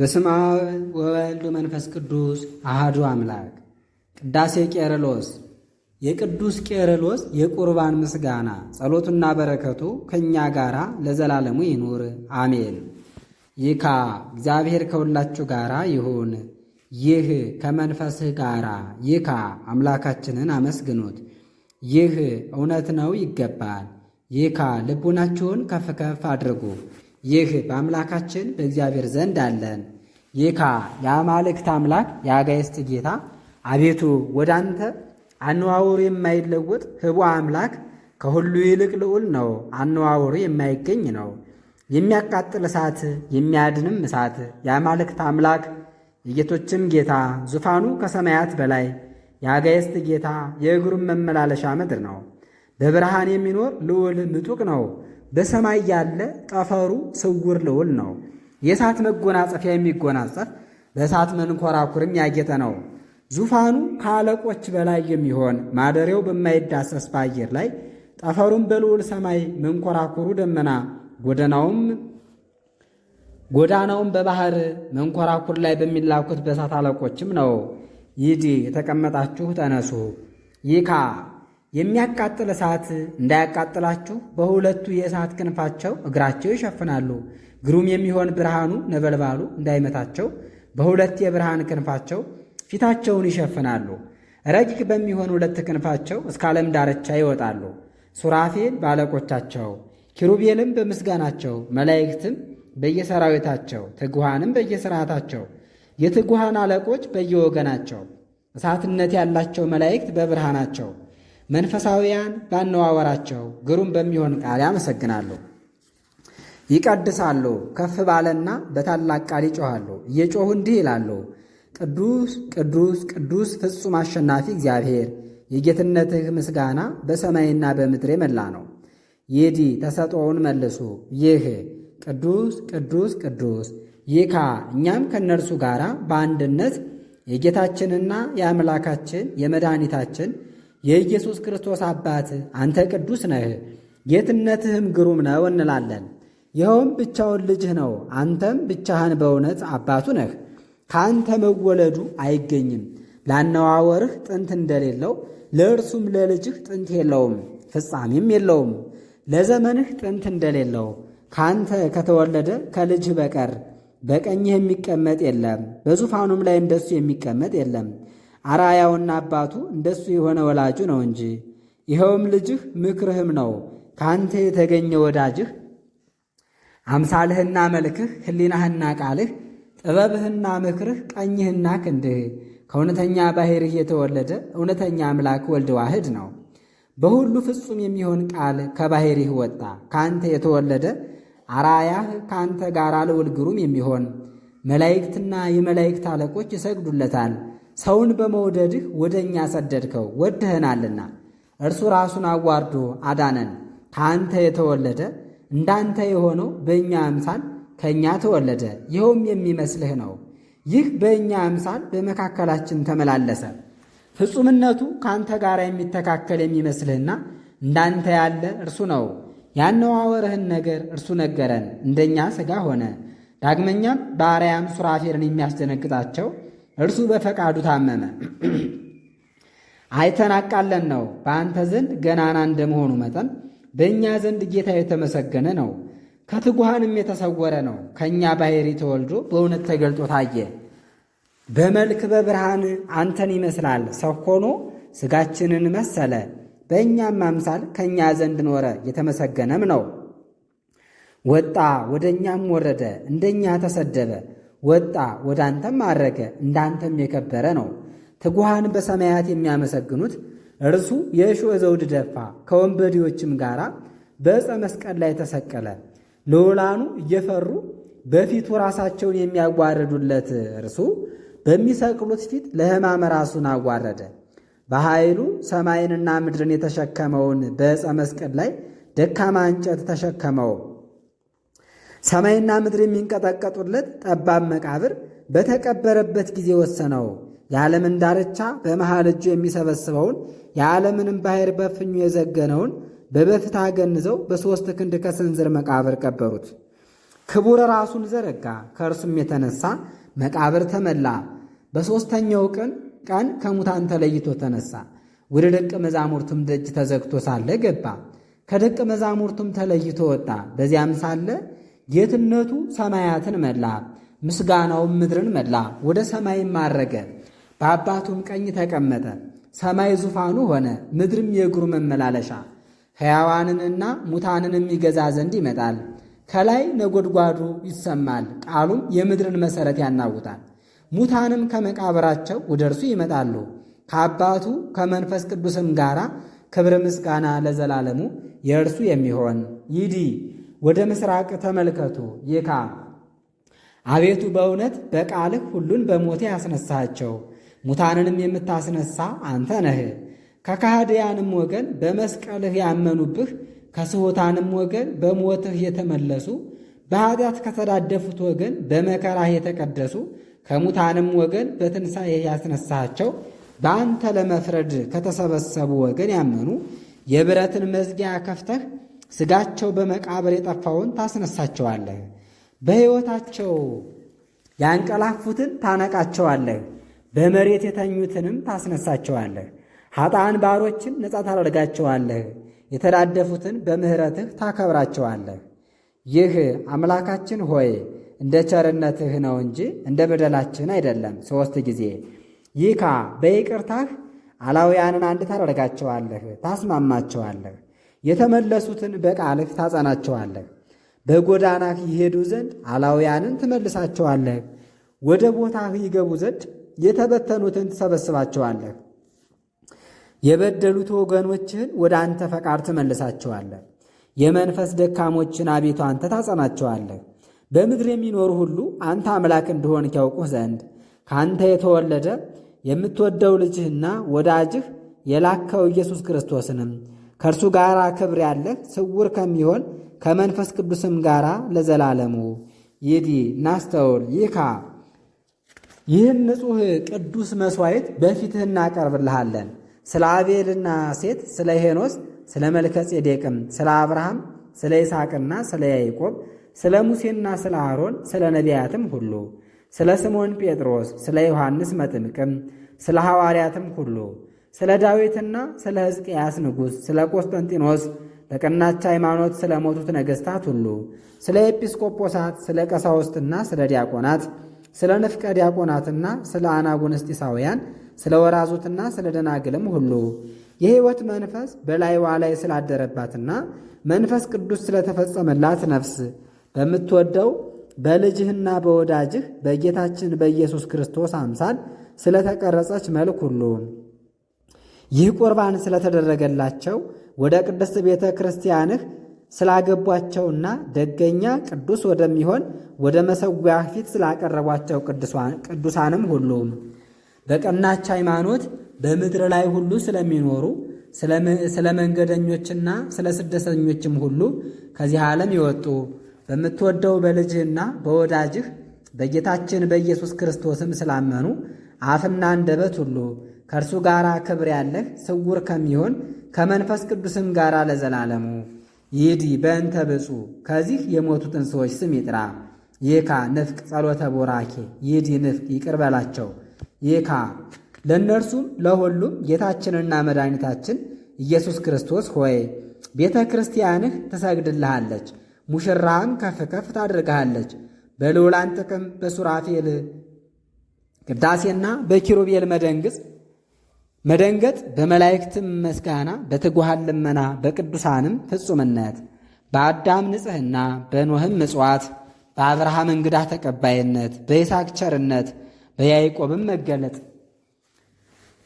በስመ አብ ወወልድ ወመንፈስ ቅዱስ አሃዱ አምላክ። ቅዳሴ ቄርሎስ። የቅዱስ ቄርሎስ የቁርባን ምስጋና ጸሎቱና በረከቱ ከእኛ ጋር ለዘላለሙ ይኑር አሜን። ይካ እግዚአብሔር ከሁላችሁ ጋራ ይሁን። ይህ ከመንፈስህ ጋራ ይካ አምላካችንን አመስግኑት። ይህ እውነት ነው፣ ይገባል። ይካ ልቡናችሁን ከፍ ከፍ አድርጉ። ይህ በአምላካችን በእግዚአብሔር ዘንድ አለን። ይካ የአማልክት አምላክ የአጋይስት ጌታ አቤቱ ወደ አንተ አነዋወሩ የማይለወጥ ህቡ አምላክ ከሁሉ ይልቅ ልዑል ነው። አነዋወሩ የማይገኝ ነው። የሚያቃጥል እሳት የሚያድንም እሳት የአማልክት አምላክ የጌቶችም ጌታ ዙፋኑ ከሰማያት በላይ የአጋይስት ጌታ የእግሩን መመላለሻ ምድር ነው። በብርሃን የሚኖር ልዑል ምጡቅ ነው። በሰማይ ያለ ጠፈሩ ስውር ልዑል ነው። የእሳት መጎናጸፊያ የሚጎናጸፍ በእሳት መንኮራኩርም ያጌጠ ነው። ዙፋኑ ከአለቆች በላይ የሚሆን ማደሪያው በማይዳሰስ በአየር ላይ ጠፈሩም በልዑል ሰማይ መንኮራኩሩ ደመና ጎደናውም ጎዳናውም በባህር መንኮራኩር ላይ በሚላኩት በእሳት አለቆችም ነው። ይዲ የተቀመጣችሁ ተነሱ ይካ የሚያቃጥል እሳት እንዳያቃጥላችሁ በሁለቱ የእሳት ክንፋቸው እግራቸው ይሸፍናሉ። ግሩም የሚሆን ብርሃኑ ነበልባሉ እንዳይመታቸው በሁለት የብርሃን ክንፋቸው ፊታቸውን ይሸፍናሉ። ረቂቅ በሚሆን ሁለት ክንፋቸው እስከ ዓለም ዳርቻ ይወጣሉ። ሱራፌል በአለቆቻቸው፣ ኪሩቤልም በምስጋናቸው፣ መላእክትም በየሰራዊታቸው፣ ትጉሃንም በየስርዓታቸው የትጉሃን አለቆች በየወገናቸው፣ እሳትነት ያላቸው መላእክት በብርሃናቸው መንፈሳዊያን ባነዋወራቸው ግሩም በሚሆን ቃል ያመሰግናሉ፣ ይቀድሳሉ። ከፍ ባለና በታላቅ ቃል ይጮኋሉ እየጮሁ እንዲህ ይላሉ፣ ቅዱስ ቅዱስ ቅዱስ ፍጹም አሸናፊ እግዚአብሔር የጌትነትህ ምስጋና በሰማይና በምድር የመላ ነው። ይዲ ተሰጥኦውን መልሱ። ይህ ቅዱስ ቅዱስ ቅዱስ ይካ እኛም ከእነርሱ ጋር በአንድነት የጌታችንና የአምላካችን የመድኃኒታችን የኢየሱስ ክርስቶስ አባት አንተ ቅዱስ ነህ፣ ጌትነትህም ግሩም ነው እንላለን። ይኸውም ብቻውን ልጅህ ነው፣ አንተም ብቻህን በእውነት አባቱ ነህ። ከአንተ መወለዱ አይገኝም። ላነዋወርህ ጥንት እንደሌለው ለእርሱም ለልጅህ ጥንት የለውም፣ ፍጻሜም የለውም። ለዘመንህ ጥንት እንደሌለው ከአንተ ከተወለደ ከልጅህ በቀር በቀኝህ የሚቀመጥ የለም፣ በዙፋኑም ላይ እንደሱ የሚቀመጥ የለም። አራያውና አባቱ እንደሱ የሆነ ወላጁ ነው እንጂ። ይኸውም ልጅህ ምክርህም ነው። ከአንተ የተገኘ ወዳጅህ አምሳልህና መልክህ፣ ሕሊናህና ቃልህ፣ ጥበብህና ምክርህ፣ ቀኝህና ክንድህ ከእውነተኛ ባሕርህ የተወለደ እውነተኛ አምላክ ወልድ ዋህድ ነው። በሁሉ ፍጹም የሚሆን ቃል ከባሕርህ ወጣ። ከአንተ የተወለደ አራያህ ከአንተ ጋር ልዑል ግሩም የሚሆን መላእክትና የመላእክት አለቆች ይሰግዱለታል። ሰውን በመውደድህ ወደ እኛ ሰደድከው ወድህናልና እርሱ ራሱን አዋርዶ አዳነን። ከአንተ የተወለደ እንዳንተ የሆነው በእኛ አምሳል ከእኛ ተወለደ፣ ይኸውም የሚመስልህ ነው። ይህ በእኛ አምሳል በመካከላችን ተመላለሰ። ፍጹምነቱ ከአንተ ጋር የሚተካከል የሚመስልህና እንዳንተ ያለ እርሱ ነው። ያነዋወረህን ነገር እርሱ ነገረን፣ እንደኛ ሥጋ ሆነ። ዳግመኛም በአርያም ሱራፌልን የሚያስደነግጣቸው እርሱ በፈቃዱ ታመመ። አይተናቃለን ነው። በአንተ ዘንድ ገናና እንደመሆኑ መጠን በእኛ ዘንድ ጌታ የተመሰገነ ነው። ከትጉሃንም የተሰወረ ነው። ከእኛ ባሕሪ ተወልዶ በእውነት ተገልጦ ታየ። በመልክ በብርሃን አንተን ይመስላል። ሰው ሆኖ ሥጋችንን መሰለ። በእኛም አምሳል ከእኛ ዘንድ ኖረ። የተመሰገነም ነው። ወጣ፣ ወደ እኛም ወረደ፣ እንደኛ ተሰደበ ወጣ ወደ አንተም አረገ እንዳንተም የከበረ ነው። ትጉሃን በሰማያት የሚያመሰግኑት እርሱ የእሾህ ዘውድ ደፋ፣ ከወንበዴዎችም ጋር በዕፀ መስቀል ላይ ተሰቀለ። ልዑላኑ እየፈሩ በፊቱ ራሳቸውን የሚያዋርዱለት እርሱ በሚሰቅሉት ፊት ለሕማም ራሱን አዋረደ። በኃይሉ ሰማይንና ምድርን የተሸከመውን በዕፀ መስቀል ላይ ደካማ እንጨት ተሸከመው። ሰማይና ምድር የሚንቀጠቀጡለት ጠባብ መቃብር በተቀበረበት ጊዜ ወሰነው። የዓለምን ዳርቻ በመሃል እጁ የሚሰበስበውን የዓለምንም ባሕር በፍኙ የዘገነውን በበፍታ ገንዘው በሦስት ክንድ ከስንዝር መቃብር ቀበሩት። ክቡር ራሱን ዘረጋ፣ ከእርሱም የተነሳ መቃብር ተመላ። በሦስተኛው ቀን ቀን ከሙታን ተለይቶ ተነሳ። ወደ ደቀ መዛሙርቱም ደጅ ተዘግቶ ሳለ ገባ። ከደቀ መዛሙርቱም ተለይቶ ወጣ። በዚያም ሳለ ጌትነቱ ሰማያትን መላ፣ ምስጋናውም ምድርን መላ። ወደ ሰማይም ማረገ፣ በአባቱም ቀኝ ተቀመጠ። ሰማይ ዙፋኑ ሆነ፣ ምድርም የእግሩ መመላለሻ። ሕያዋንንና ሙታንን የሚገዛ ዘንድ ይመጣል። ከላይ ነጎድጓዱ ይሰማል፣ ቃሉም የምድርን መሠረት ያናውጣል። ሙታንም ከመቃብራቸው ወደ እርሱ ይመጣሉ። ከአባቱ ከመንፈስ ቅዱስም ጋር ክብር ምስጋና ለዘላለሙ የእርሱ የሚሆን ይዲ ወደ ምስራቅ ተመልከቱ ይካ አቤቱ በእውነት በቃልህ ሁሉን በሞቴ ያስነሳቸው ሙታንንም የምታስነሳ አንተ ነህ። ከካህድያንም ወገን በመስቀልህ ያመኑብህ ከስሑታንም ወገን በሞትህ የተመለሱ በኃጢአት ከተዳደፉት ወገን በመከራህ የተቀደሱ ከሙታንም ወገን በትንሣኤህ ያስነሳቸው በአንተ ለመፍረድ ከተሰበሰቡ ወገን ያመኑ የብረትን መዝጊያ ከፍተህ ስጋቸው በመቃብር የጠፋውን ታስነሳቸዋለህ። በሕይወታቸው ያንቀላፉትን ታነቃቸዋለህ። በመሬት የተኙትንም ታስነሳቸዋለህ። ኃጣን ባሮችን ነፃ ታደርጋቸዋለህ። የተዳደፉትን በምሕረትህ ታከብራቸዋለህ። ይህ አምላካችን ሆይ እንደ ቸርነትህ ነው እንጂ እንደ በደላችን አይደለም። ሦስት ጊዜ ይካ በይቅርታህ አላውያንን አንድ ታደርጋቸዋለህ፣ ታስማማቸዋለህ የተመለሱትን በቃልህ ታጸናቸዋለህ። በጎዳናህ ይሄዱ ዘንድ አላውያንን ትመልሳቸዋለህ። ወደ ቦታህ ይገቡ ዘንድ የተበተኑትን ትሰበስባቸዋለህ። የበደሉት ወገኖችህን ወደ አንተ ፈቃድ ትመልሳቸዋለህ። የመንፈስ ደካሞችን አቤቱ አንተ ታጸናቸዋለህ። በምድር የሚኖሩ ሁሉ አንተ አምላክ እንደሆን ያውቁህ ዘንድ ከአንተ የተወለደ የምትወደው ልጅህና ወዳጅህ የላከው ኢየሱስ ክርስቶስንም ከእርሱ ጋር ክብር ያለህ ስውር ከሚሆን ከመንፈስ ቅዱስም ጋር ለዘላለሙ ይዲ ናስተውል ይካ ይህን ንጹሕ ቅዱስ መሥዋዕት በፊትህ እናቀርብልሃለን። ስለ አቤልና ሴት፣ ስለ ሄኖስ፣ ስለ መልከ ጼዴቅም፣ ስለ አብርሃም፣ ስለ ይስሐቅና ስለ ያዕቆብ፣ ስለ ሙሴና ስለ አሮን፣ ስለ ነቢያትም ሁሉ፣ ስለ ስምዖን ጴጥሮስ፣ ስለ ዮሐንስ መጥምቅም፣ ስለ ሐዋርያትም ሁሉ ስለ ዳዊትና ስለ ሕዝቅያስ ንጉሥ፣ ስለ ቆስጠንጢኖስ በቀናች ሃይማኖት ስለ ሞቱት ነገሥታት ሁሉ፣ ስለ ኤጲስቆጶሳት፣ ስለ ቀሳውስትና ስለ ዲያቆናት፣ ስለ ንፍቀ ዲያቆናትና ስለ አናጉንስጢሳውያን፣ ስለ ወራዙትና ስለ ደናግልም ሁሉ የሕይወት መንፈስ በላይዋ ላይ ስላደረባትና መንፈስ ቅዱስ ስለተፈጸመላት ነፍስ በምትወደው በልጅህና በወዳጅህ በጌታችን በኢየሱስ ክርስቶስ አምሳል ስለተቀረጸች መልክ ሁሉ ይህ ቁርባን ስለተደረገላቸው ወደ ቅድስት ቤተ ክርስቲያንህ ስላገቧቸውና ደገኛ ቅዱስ ወደሚሆን ወደ መሰዊያ ፊት ስላቀረቧቸው ቅዱሳንም ሁሉም በቀናች ሃይማኖት በምድር ላይ ሁሉ ስለሚኖሩ ስለ መንገደኞችና ስለ ስደተኞችም ሁሉ ከዚህ ዓለም ይወጡ በምትወደው በልጅህና በወዳጅህ በጌታችን በኢየሱስ ክርስቶስም ስላመኑ አፍና አንደበት ሁሉ ከእርሱ ጋር ክብር ያለህ ስውር ከሚሆን ከመንፈስ ቅዱስም ጋር ለዘላለሙ ይዲ በእንተ ብፁ ከዚህ የሞቱትን ሰዎች ስም ይጥራ። ይካ ንፍቅ ጸሎተ ቦራኬ ይዲ ንፍቅ ይቅር በላቸው። ይካ ለእነርሱም ለሁሉም ጌታችንና መድኃኒታችን ኢየሱስ ክርስቶስ ሆይ ቤተ ክርስቲያንህ ትሰግድልሃለች፣ ሙሽራህም ከፍ ከፍ ታደርግሃለች። በልዑላን ጥቅም በሱራፌል ቅዳሴና በኪሩቤል መደንግጽ መደንገጥ በመላእክትም ምስጋና በትጉሃን ልመና በቅዱሳንም ፍጹምነት በአዳም ንጽህና በኖህም ምጽዋት በአብርሃም እንግዳ ተቀባይነት በይስሐቅ ቸርነት በያዕቆብም መገለጥ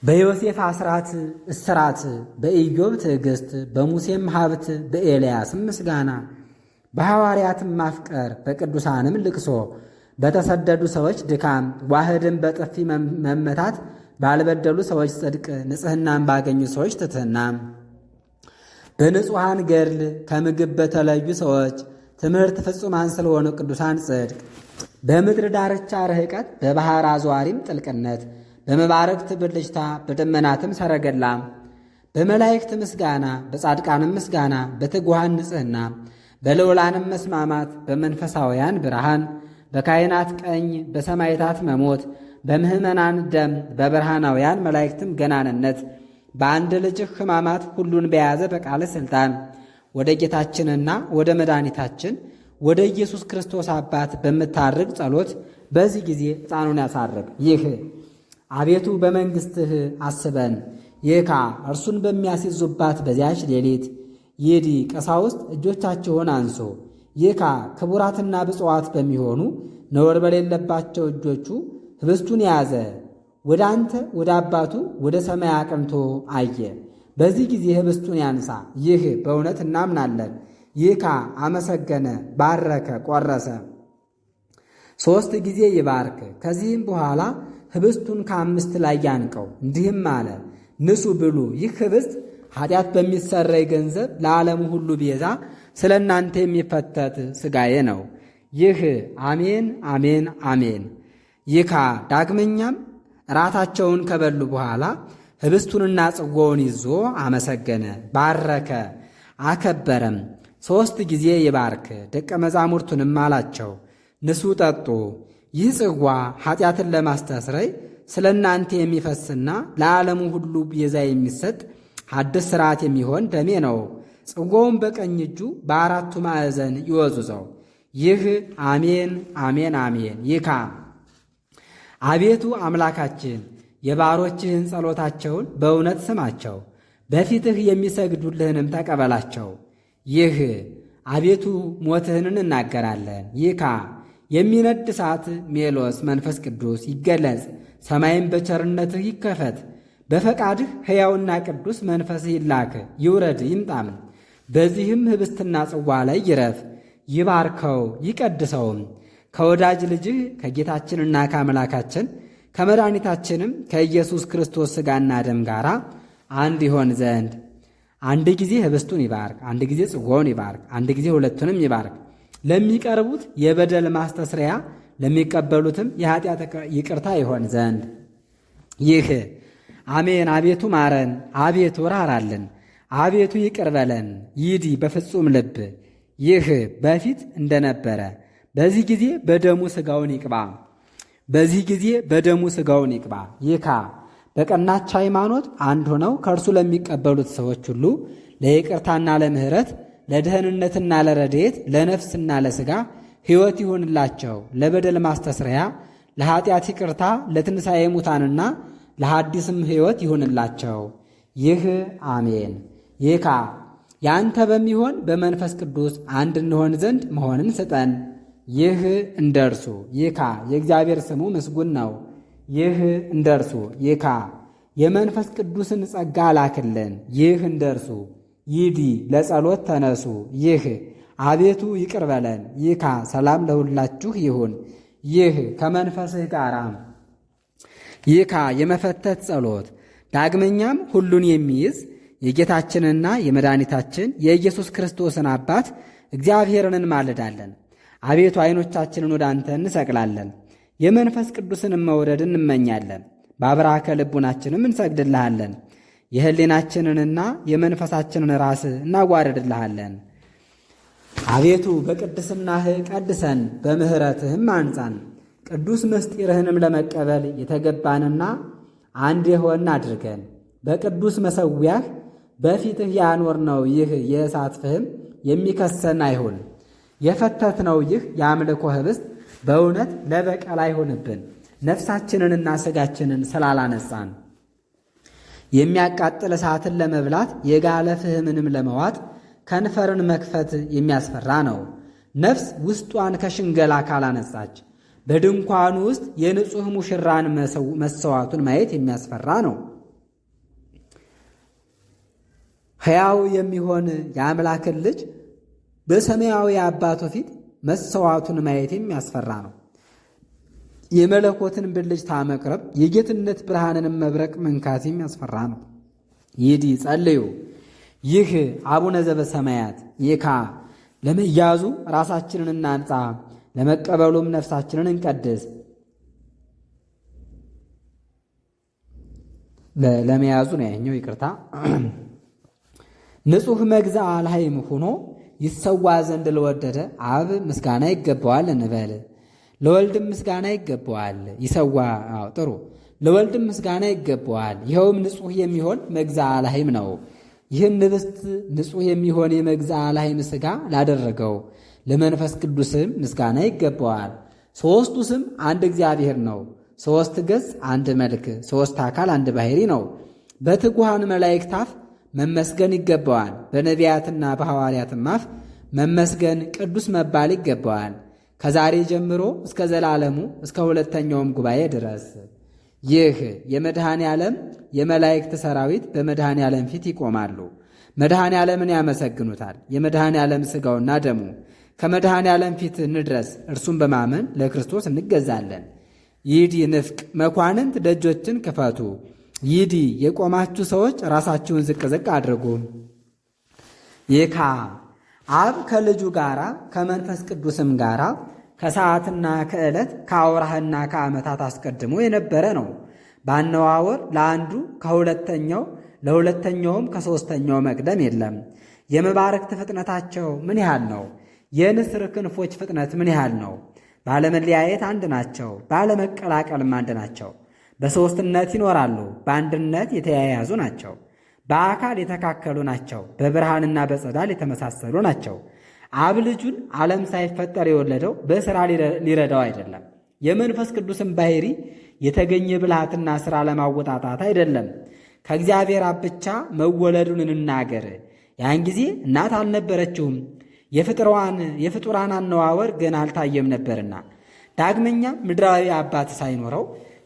በዮሴፍ አስራት እስራት በኢዮብ ትዕግሥት በሙሴም ሀብት በኤልያስም ምስጋና በሐዋርያትም ማፍቀር በቅዱሳንም ልቅሶ በተሰደዱ ሰዎች ድካም ዋህድን በጥፊ መመታት ባልበደሉ ሰዎች ጽድቅ፣ ንጽህናን ባገኙ ሰዎች ትትህና በንጹሐን ገድል፣ ከምግብ በተለዩ ሰዎች ትምህርት ፍጹማን ስለሆኑ ቅዱሳን ጽድቅ፣ በምድር ዳርቻ ርህቀት፣ በባሕር አዘዋሪም ጥልቅነት፣ በመባረክት ብልጭታ፣ በደመናትም ሰረገላ፣ በመላእክት ምስጋና፣ በጻድቃንም ምስጋና፣ በትጉሃን ንጽህና፣ በልዑላንም መስማማት፣ በመንፈሳውያን ብርሃን፣ በካህናት ቀኝ፣ በሰማይታት መሞት በምህመናን ደም በብርሃናውያን መላእክትም ገናንነት በአንድ ልጅህ ሕማማት ሁሉን በያዘ በቃለ ሥልጣን ወደ ጌታችንና ወደ መድኃኒታችን ወደ ኢየሱስ ክርስቶስ አባት በምታርግ ጸሎት በዚህ ጊዜ ሕፃኑን ያሳርግ። ይህ አቤቱ በመንግሥትህ አስበን። ይካ እርሱን በሚያስይዙባት በዚያች ሌሊት ይዲ ቀሳውስት እጆቻችሁን አንሶ ይካ ክቡራትና ብፁዓት በሚሆኑ ነወር በሌለባቸው እጆቹ ህብስቱን ያዘ፣ ወደ አንተ ወደ አባቱ ወደ ሰማይ አቅንቶ አየ። በዚህ ጊዜ ህብስቱን ያንሳ፣ ይህ በእውነት እናምናለን። ይካ አመሰገነ፣ ባረከ፣ ቆረሰ። ሦስት ጊዜ ይባርክ። ከዚህም በኋላ ህብስቱን ከአምስት ላይ ያንቀው፣ እንዲህም አለ፣ ንሱ ብሉ። ይህ ህብስት ኃጢአት በሚሰረይ ገንዘብ ለዓለሙ ሁሉ ቤዛ ስለ እናንተ የሚፈተት ሥጋዬ ነው። ይህ አሜን አሜን አሜን ይካ። ዳግመኛም ራታቸውን ከበሉ በኋላ ህብስቱንና ጽዋውን ይዞ አመሰገነ፣ ባረከ፣ አከበረም። ሦስት ጊዜ ይባርክ። ደቀ መዛሙርቱንም አላቸው፣ ንሱ ጠጡ። ይህ ጽዋ ኀጢአትን ለማስተስረይ ስለ እናንተ የሚፈስና ለዓለሙ ሁሉ ቤዛ የሚሰጥ አዲስ ሥርዓት የሚሆን ደሜ ነው። ጽዋውን በቀኝ እጁ በአራቱ ማዕዘን ይወዙዘው። ይህ አሜን አሜን አሜን ይካ አቤቱ አምላካችን የባሮችህን ጸሎታቸውን በእውነት ስማቸው፣ በፊትህ የሚሰግዱልህንም ተቀበላቸው። ይህ አቤቱ ሞትህን እንናገራለን። ይካ የሚነድ እሳት ሜሎስ መንፈስ ቅዱስ ይገለጽ፣ ሰማይም በቸርነትህ ይከፈት። በፈቃድህ ሕያውና ቅዱስ መንፈስህ ይላክ ይውረድ ይምጣም። በዚህም ህብስትና ጽዋ ላይ ይረፍ፣ ይባርከው ይቀድሰውም ከወዳጅ ልጅህ ከጌታችንና ከአምላካችን ከመድኃኒታችንም ከኢየሱስ ክርስቶስ ሥጋና ደም ጋር አንድ ይሆን ዘንድ አንድ ጊዜ ህብስቱን ይባርክ፣ አንድ ጊዜ ጽዋውን ይባርክ፣ አንድ ጊዜ ሁለቱንም ይባርክ። ለሚቀርቡት የበደል ማስተስሪያ ለሚቀበሉትም የኃጢአት ይቅርታ ይሆን ዘንድ ይህ አሜን። አቤቱ ማረን፣ አቤቱ ራራልን፣ አቤቱ ይቅርበለን ይዲ በፍጹም ልብ ይህ በፊት እንደነበረ በዚህ ጊዜ በደሙ ስጋውን ይቅባ። በዚህ ጊዜ በደሙ ስጋውን ይቅባ ይካ በቀናች ሃይማኖት አንድ ሆነው ከእርሱ ለሚቀበሉት ሰዎች ሁሉ ለይቅርታና ለምሕረት ለደህንነትና ለረድኤት ለነፍስና ለሥጋ ሕይወት ይሁንላቸው። ለበደል ማስተስረያ ለኀጢአት ይቅርታ ለትንሣኤ ሙታንና ለሐዲስም ሕይወት ይሁንላቸው። ይህ አሜን። ይካ ያንተ በሚሆን በመንፈስ ቅዱስ አንድ እንሆን ዘንድ መሆንን ስጠን። ይህ እንደርሱ ይካ የእግዚአብሔር ስሙ ምስጉን ነው። ይህ እንደርሱ ይካ የመንፈስ ቅዱስን ጸጋ ላክልን። ይህ እንደርሱ ይዲ ለጸሎት ተነሱ። ይህ አቤቱ ይቅር በለን። ይካ ሰላም ለሁላችሁ ይሁን። ይህ ከመንፈስህ ጋር ይካ የመፈተት ጸሎት። ዳግመኛም ሁሉን የሚይዝ የጌታችንና የመድኃኒታችን የኢየሱስ ክርስቶስን አባት እግዚአብሔርን እንማልዳለን። አቤቱ ዐይኖቻችንን ወደ አንተ እንሰቅላለን፣ የመንፈስ ቅዱስንም መውረድ እንመኛለን። በአብራከ ልቡናችንም እንሰግድልሃለን። የሕሊናችንንና የመንፈሳችንን ራስ እናዋረድልሃለን። አቤቱ በቅድስናህ ቀድሰን በምሕረትህም አንጻን። ቅዱስ ምስጢርህንም ለመቀበል የተገባንና አንድ የሆን አድርገን በቅዱስ መሠዊያህ በፊትህ ያኖርነው ይህ የእሳት ፍህም የሚከሰን አይሁን። የፈተትነው ይህ የአምልኮ ህብስት በእውነት ለበቀል አይሆንብን፣ ነፍሳችንንና ስጋችንን ስላላነጻን የሚያቃጥል እሳትን ለመብላት የጋለ ፍህምንም ለመዋጥ ከንፈርን መክፈት የሚያስፈራ ነው። ነፍስ ውስጧን ከሽንገላ ካላነጻች በድንኳኑ ውስጥ የንጹሕ ሙሽራን መሰዋቱን ማየት የሚያስፈራ ነው። ሕያው የሚሆን የአምላክን ልጅ በሰማያዊ አባቱ ፊት መሰዋቱን ማየት የሚያስፈራ ነው። የመለኮትን ብልጭታ መቅረብ፣ የጌትነት ብርሃንን መብረቅ መንካት የሚያስፈራ ነው። ይዲ ጸልዩ ይህ አቡነ ዘበሰማያት ይካ ለመያዙ ራሳችንን እናንጻ፣ ለመቀበሉም ነፍሳችንን እንቀድስ። ለመያዙ ነው ያኛው፣ ይቅርታ ንጹሕ መግዛ ላይም ሆኖ ይሰዋ ዘንድ ለወደደ አብ ምስጋና ይገባዋል እንበል። ለወልድም ምስጋና ይገባዋል ይሰዋ። ጥሩ። ለወልድም ምስጋና ይገባዋል። ይኸውም ንጹሕ የሚሆን መግዛ አላሂም ነው። ይህን ንብስት ንጹሕ የሚሆን የመግዛ አላሂም ሥጋ ላደረገው ለመንፈስ ቅዱስም ምስጋና ይገባዋል። ሦስቱ ስም አንድ እግዚአብሔር ነው። ሦስት ገጽ አንድ መልክ፣ ሦስት አካል አንድ ባሕሪ ነው። በትጉሃን መላእክት አፍ መመስገን ይገባዋል። በነቢያትና በሐዋርያትም አፍ መመስገን፣ ቅዱስ መባል ይገባዋል። ከዛሬ ጀምሮ እስከ ዘላለሙ እስከ ሁለተኛውም ጉባኤ ድረስ ይህ የመድኃኔ ዓለም የመላእክት ሰራዊት በመድኃኔ ዓለም ፊት ይቆማሉ። መድኃኔ ዓለምን ያመሰግኑታል። የመድኃኔ ዓለም ሥጋውና ደሙ ከመድኃኔ ዓለም ፊት እንድረስ፣ እርሱን በማመን ለክርስቶስ እንገዛለን። ይድ ይንፍቅ መኳንንት ደጆችን ክፈቱ ይዲ የቆማችሁ ሰዎች ራሳችሁን ዝቅ ዝቅ አድርጉ። ይካ አብ ከልጁ ጋራ ከመንፈስ ቅዱስም ጋራ ከሰዓትና ከዕለት ከአውራህና ከዓመታት አስቀድሞ የነበረ ነው። ባነዋወር ለአንዱ ከሁለተኛው ለሁለተኛውም ከሦስተኛው መቅደም የለም። የመባረክት ፍጥነታቸው ምን ያህል ነው? የንስር ክንፎች ፍጥነት ምን ያህል ነው? ባለመለያየት አንድ ናቸው፣ ባለመቀላቀልም አንድ ናቸው። በሦስትነት ይኖራሉ፣ በአንድነት የተያያዙ ናቸው። በአካል የተካከሉ ናቸው። በብርሃንና በጸዳል የተመሳሰሉ ናቸው። አብ ልጁን ዓለም ሳይፈጠር የወለደው በሥራ ሊረዳው አይደለም። የመንፈስ ቅዱስን ባሕሪ የተገኘ ብልሃትና ሥራ ለማወጣጣት አይደለም። ከእግዚአብሔር አብ ብቻ መወለዱን እንናገር። ያን ጊዜ እናት አልነበረችውም፣ የፍጡራን አነዋወር ገና አልታየም ነበርና ዳግመኛ ምድራዊ አባት ሳይኖረው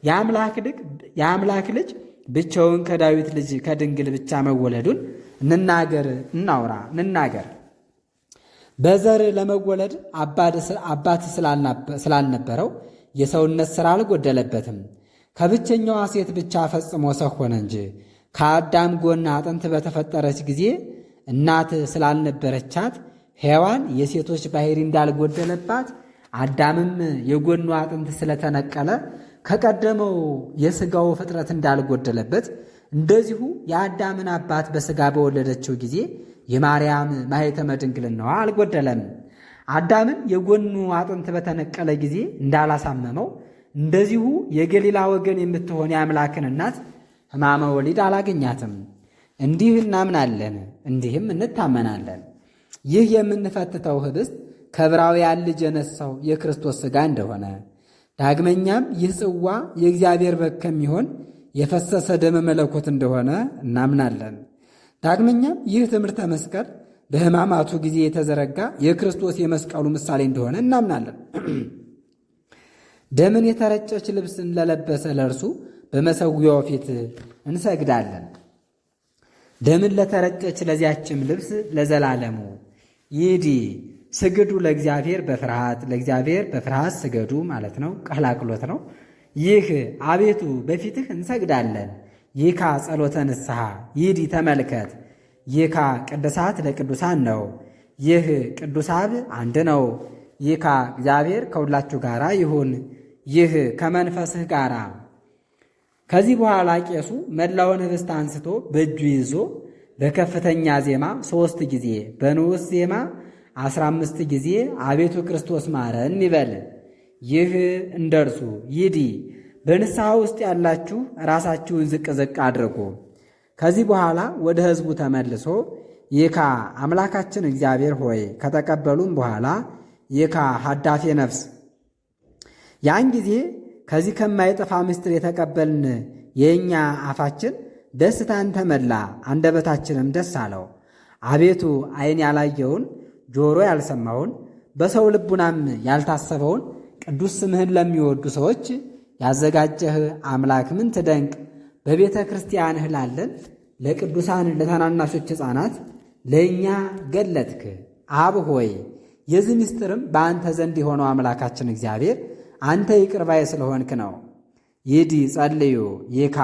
የአምላክ ልጅ ብቻውን ከዳዊት ልጅ ከድንግል ብቻ መወለዱን እንናገር እናውራ እንናገር። በዘር ለመወለድ አባት ስላልነበረው የሰውነት ሥራ አልጎደለበትም። ከብቸኛዋ ሴት ብቻ ፈጽሞ ሰው ሆነ እንጂ ከአዳም ጎን አጥንት በተፈጠረች ጊዜ እናት ስላልነበረቻት ሔዋን የሴቶች ባሕሪ እንዳልጎደለባት አዳምም የጎኑ አጥንት ስለተነቀለ ከቀደመው የሥጋው ፍጥረት እንዳልጎደለበት እንደዚሁ የአዳምን አባት በሥጋ በወለደችው ጊዜ የማርያም ማኅተመ ድንግልናዋ አልጎደለም። አዳምን የጎኑ አጥንት በተነቀለ ጊዜ እንዳላሳመመው እንደዚሁ የገሊላ ወገን የምትሆን የአምላክን እናት ሕማመ ወሊድ አላገኛትም። እንዲህ እናምናለን፣ እንዲህም እንታመናለን። ይህ የምንፈትተው ኅብስት ከዕብራውያን ልጅ የነሳው የክርስቶስ ሥጋ እንደሆነ ዳግመኛም ይህ ጽዋ የእግዚአብሔር በግ ከሚሆን የፈሰሰ ደመ መለኮት እንደሆነ እናምናለን። ዳግመኛም ይህ ትምህርተ መስቀል በሕማማቱ ጊዜ የተዘረጋ የክርስቶስ የመስቀሉ ምሳሌ እንደሆነ እናምናለን። ደምን የተረጨች ልብስን ለለበሰ ለእርሱ በመሰዊያው ፊት እንሰግዳለን። ደምን ለተረጨች ለዚያችም ልብስ ለዘላለሙ ይዲ ስግዱ ለእግዚአብሔር በፍርሃት ለእግዚአብሔር በፍርሃት ስገዱ ማለት ነው። ቀላቅሎት ነው። ይህ አቤቱ በፊትህ እንሰግዳለን። ይካ ጸሎተ ንስሐ ይዲ ተመልከት። ይካ ቅዱሳት ለቅዱሳን ነው። ይህ ቅዱሳብ አንድ ነው። ይካ እግዚአብሔር ከሁላችሁ ጋር ይሁን። ይህ ከመንፈስህ ጋር። ከዚህ በኋላ ቄሱ መላውን ኅብስት አንስቶ በእጁ ይዞ በከፍተኛ ዜማ ሦስት ጊዜ በንዑስ ዜማ አስራ አምስት ጊዜ አቤቱ ክርስቶስ ማረን ይበል። ይህ እንደርሱ ይዲ በንስሐ ውስጥ ያላችሁ ራሳችሁን ዝቅ ዝቅ አድርጉ። ከዚህ በኋላ ወደ ሕዝቡ ተመልሶ ይካ አምላካችን እግዚአብሔር ሆይ ከተቀበሉም በኋላ ይካ ሀዳፌ ነፍስ ያን ጊዜ ከዚህ ከማይጠፋ ምስጢር የተቀበልን የእኛ አፋችን ደስታን ተመላ፣ አንደበታችንም ደስ አለው። አቤቱ አይን ያላየውን ጆሮ ያልሰማውን በሰው ልቡናም ያልታሰበውን ቅዱስ ስምህን ለሚወዱ ሰዎች ያዘጋጀህ አምላክ ምን ትደንቅ። በቤተ ክርስቲያንህ ላለን ለቅዱሳን ለታናናሾች ሕፃናት ለእኛ ገለጥክ። አብ ሆይ የዚህ ምስጢርም በአንተ ዘንድ የሆነው አምላካችን እግዚአብሔር አንተ ይቅርባዬ ስለሆንክ ነው። ይዲ ጸልዩ ይካ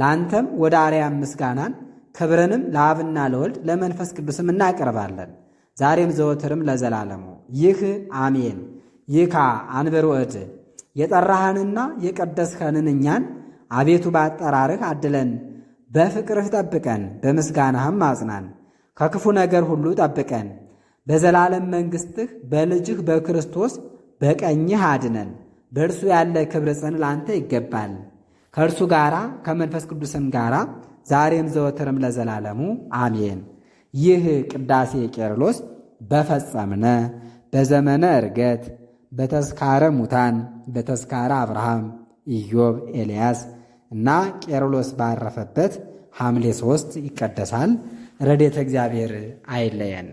ለአንተም ወደ አርያም ምስጋናን ክብርንም ለአብና ለወልድ ለመንፈስ ቅዱስም እናቀርባለን። ዛሬም ዘወትርም ለዘላለሙ። ይህ አሜን። ይካ አንበር ወድ የጠራህንና የቀደስኸንን እኛን አቤቱ በአጠራርህ አድለን፣ በፍቅርህ ጠብቀን፣ በምስጋናህም አጽናን። ከክፉ ነገር ሁሉ ጠብቀን፣ በዘላለም መንግሥትህ በልጅህ በክርስቶስ በቀኝህ አድነን። በእርሱ ያለ ክብር ጽን ለአንተ ይገባል ከእርሱ ጋራ ከመንፈስ ቅዱስም ጋራ ዛሬም ዘወትርም ለዘላለሙ አሜን። ይህ ቅዳሴ ቄርሎስ በፈጸምነ በዘመነ እርገት በተስካረ ሙታን በተስካረ አብርሃም፣ ኢዮብ፣ ኤልያስ እና ቄርሎስ ባረፈበት ሐምሌ ሦስት ይቀደሳል። ረዴተ እግዚአብሔር አይለየን።